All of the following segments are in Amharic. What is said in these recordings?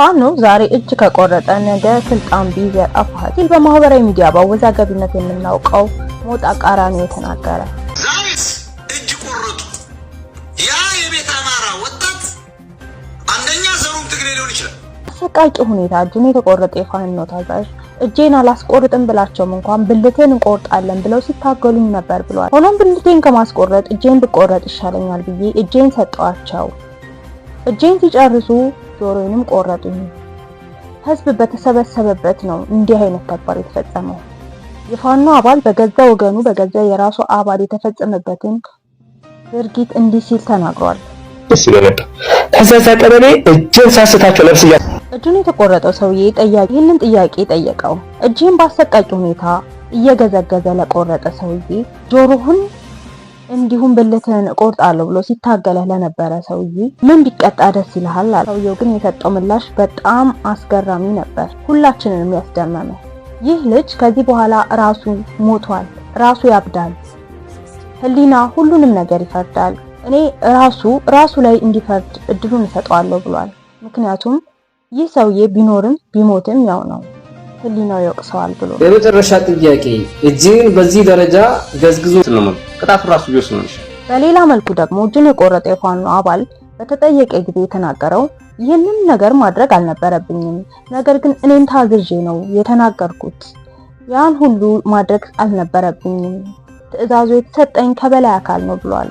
ፋኖ ዛሬ እጅ ከቆረጠ ነገ ስልጣን ቢይዝ ያጠፋል ሲል በማህበራዊ ሚዲያ በአወዛጋቢነት የምናውቀው ሞጣ ቃራኒ የተናገረ ዛሬስ እጅ ቆረጡ። ያ የቤት አማራ ወጣት አንደኛ ዘሩም ትግሬ ሊሆን ይችላል። አሰቃቂ ሁኔታ እጁን የተቆረጠ የፋኖ ታዛዥ እጄን አላስቆርጥም ብላቸውም እንኳን ብልቴን እንቆርጣለን ብለው ሲታገሉኝ ነበር ብሏል። ሆኖም ብልቴን ከማስቆረጥ እጄን ብቆረጥ ይሻለኛል ብዬ እጄን ሰጠዋቸው። እጄን ሲጨርሱ ጆሮዬንም ቆረጡኝ። ህዝብ በተሰበሰበበት ነው እንዲህ አይነት ተግባር የተፈጸመው። የፋኖ አባል በገዛ ወገኑ በገዛ የራሱ አባል የተፈጸመበትን ድርጊት እንዲህ ሲል ተናግሯል። ደስ ይበመጣ ከዛዛ ቀበሌ እጅን ሳስታቸው ለብስ እያ እጁን የተቆረጠው ሰውዬ ጠያቂ ይህንን ጥያቄ ጠየቀው። እጅህን ባሰቃቂ ሁኔታ እየገዘገዘ ለቆረጠ ሰውዬ ጆሮህን እንዲሁም ብልትህን እቆርጣለሁ ብሎ ሲታገለህ ለነበረ ሰውዬ ምን ቢቀጣ ደስ ይልሃል? አለ። ሰውየው ግን የሰጠው ምላሽ በጣም አስገራሚ ነበር፣ ሁላችንንም ያስደመመ። ይህ ልጅ ከዚህ በኋላ ራሱ ሞቷል፣ ራሱ ያብዳል፣ ህሊና ሁሉንም ነገር ይፈርዳል። እኔ ራሱ ራሱ ላይ እንዲፈርድ እድሉን እሰጠዋለሁ ብሏል። ምክንያቱም ይህ ሰውዬ ቢኖርም ቢሞትም ያው ነው ህሊናው ይወቅሰዋል ብሎ። የመጨረሻ ጥያቄ እጅህን በዚህ ደረጃ ገዝግዞት ነው ቅጣቱ ራሱ ቢወስን ይሻል። በሌላ መልኩ ደግሞ እጁን የቆረጠ የፋኖ አባል በተጠየቀ ጊዜ የተናገረው ይህንን ነገር ማድረግ አልነበረብኝም፣ ነገር ግን እኔን ታዝዤ ነው የተናገርኩት። ያን ሁሉ ማድረግ አልነበረብኝም፣ ትዕዛዙ የተሰጠኝ ከበላይ አካል ነው ብሏል።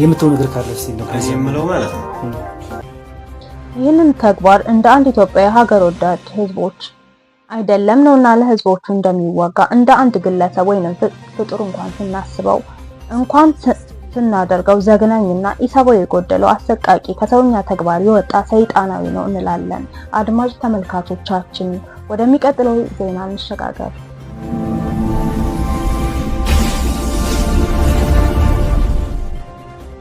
የምትሆን ነገር ካለ ነው ማለት ነው። ይህንን ተግባር እንደ አንድ ኢትዮጵያ ሀገር ወዳድ ህዝቦች አይደለም ነውና ለህዝቦቹ እንደሚዋጋ እንደ አንድ ግለሰብ ወይም ፍጡር እንኳን ስናስበው እንኳን ስናደርገው ዘግናኝና ኢሰባዊ የጎደለው አሰቃቂ ከሰውኛ ተግባር የወጣ ሰይጣናዊ ነው እንላለን። አድማጭ ተመልካቾቻችን ወደሚቀጥለው ዜና እንሸጋገር።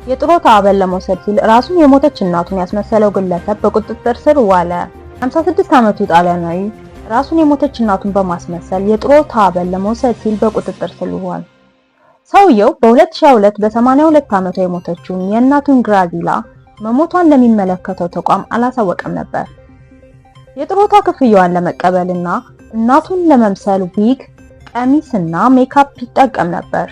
የጥሮታ አበል ለመውሰድ ሲል ራሱን የሞተች እናቱን ያስመሰለው ግለሰብ በቁጥጥር ስር ዋለ። 56 ዓመቱ ጣሊያናዊ ራሱን የሞተች እናቱን በማስመሰል የጥሮታ አበል ለመውሰድ ሲል በቁጥጥር ስር ዋል። ሰውየው በ2002 በ82 ዓመቷ የሞተችውን የእናቱን ግራዚላ መሞቷን ለሚመለከተው ተቋም አላሳወቀም ነበር። የጥሮታ ክፍያዋን ለመቀበልና እናቱን ለመምሰል ዊግ፣ ቀሚስና ሜካፕ ይጠቀም ነበር።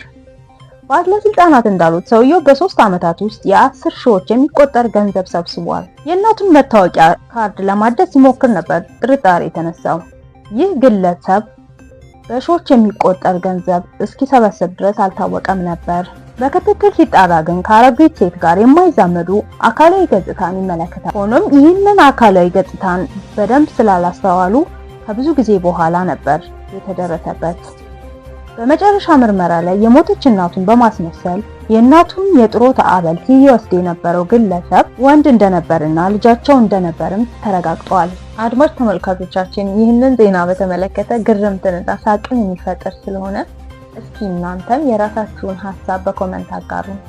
ባለስልጣናት እንዳሉት ሰውየው በሶስት ዓመታት ውስጥ የአስር ሺዎች የሚቆጠር ገንዘብ ሰብስቧል። የእናቱን መታወቂያ ካርድ ለማደስ ሲሞክር ነበር ጥርጣሬ የተነሳው። ይህ ግለሰብ በሺዎች የሚቆጠር ገንዘብ እስኪሰበስብ ድረስ አልታወቀም ነበር። በክትትል ሲጣራ ግን ከአሮጊት ሴት ጋር የማይዛመዱ አካላዊ ገጽታን ይመለከታል። ሆኖም ይህንን አካላዊ ገጽታን በደንብ ስላላስተዋሉ ከብዙ ጊዜ በኋላ ነበር የተደረሰበት። በመጨረሻ ምርመራ ላይ የሞተች እናቱን በማስመሰል የእናቱን የጥሮ አበል ሲወስድ የነበረው ግለሰብ ወንድ እንደነበርና ልጃቸው እንደነበርም ተረጋግጧል። አድማጭ ተመልካቾቻችን ይህንን ዜና በተመለከተ ግርምትንና ሳቅን የሚፈጥር ስለሆነ እስኪ እናንተም የራሳችሁን ሀሳብ በኮመንት አጋሩን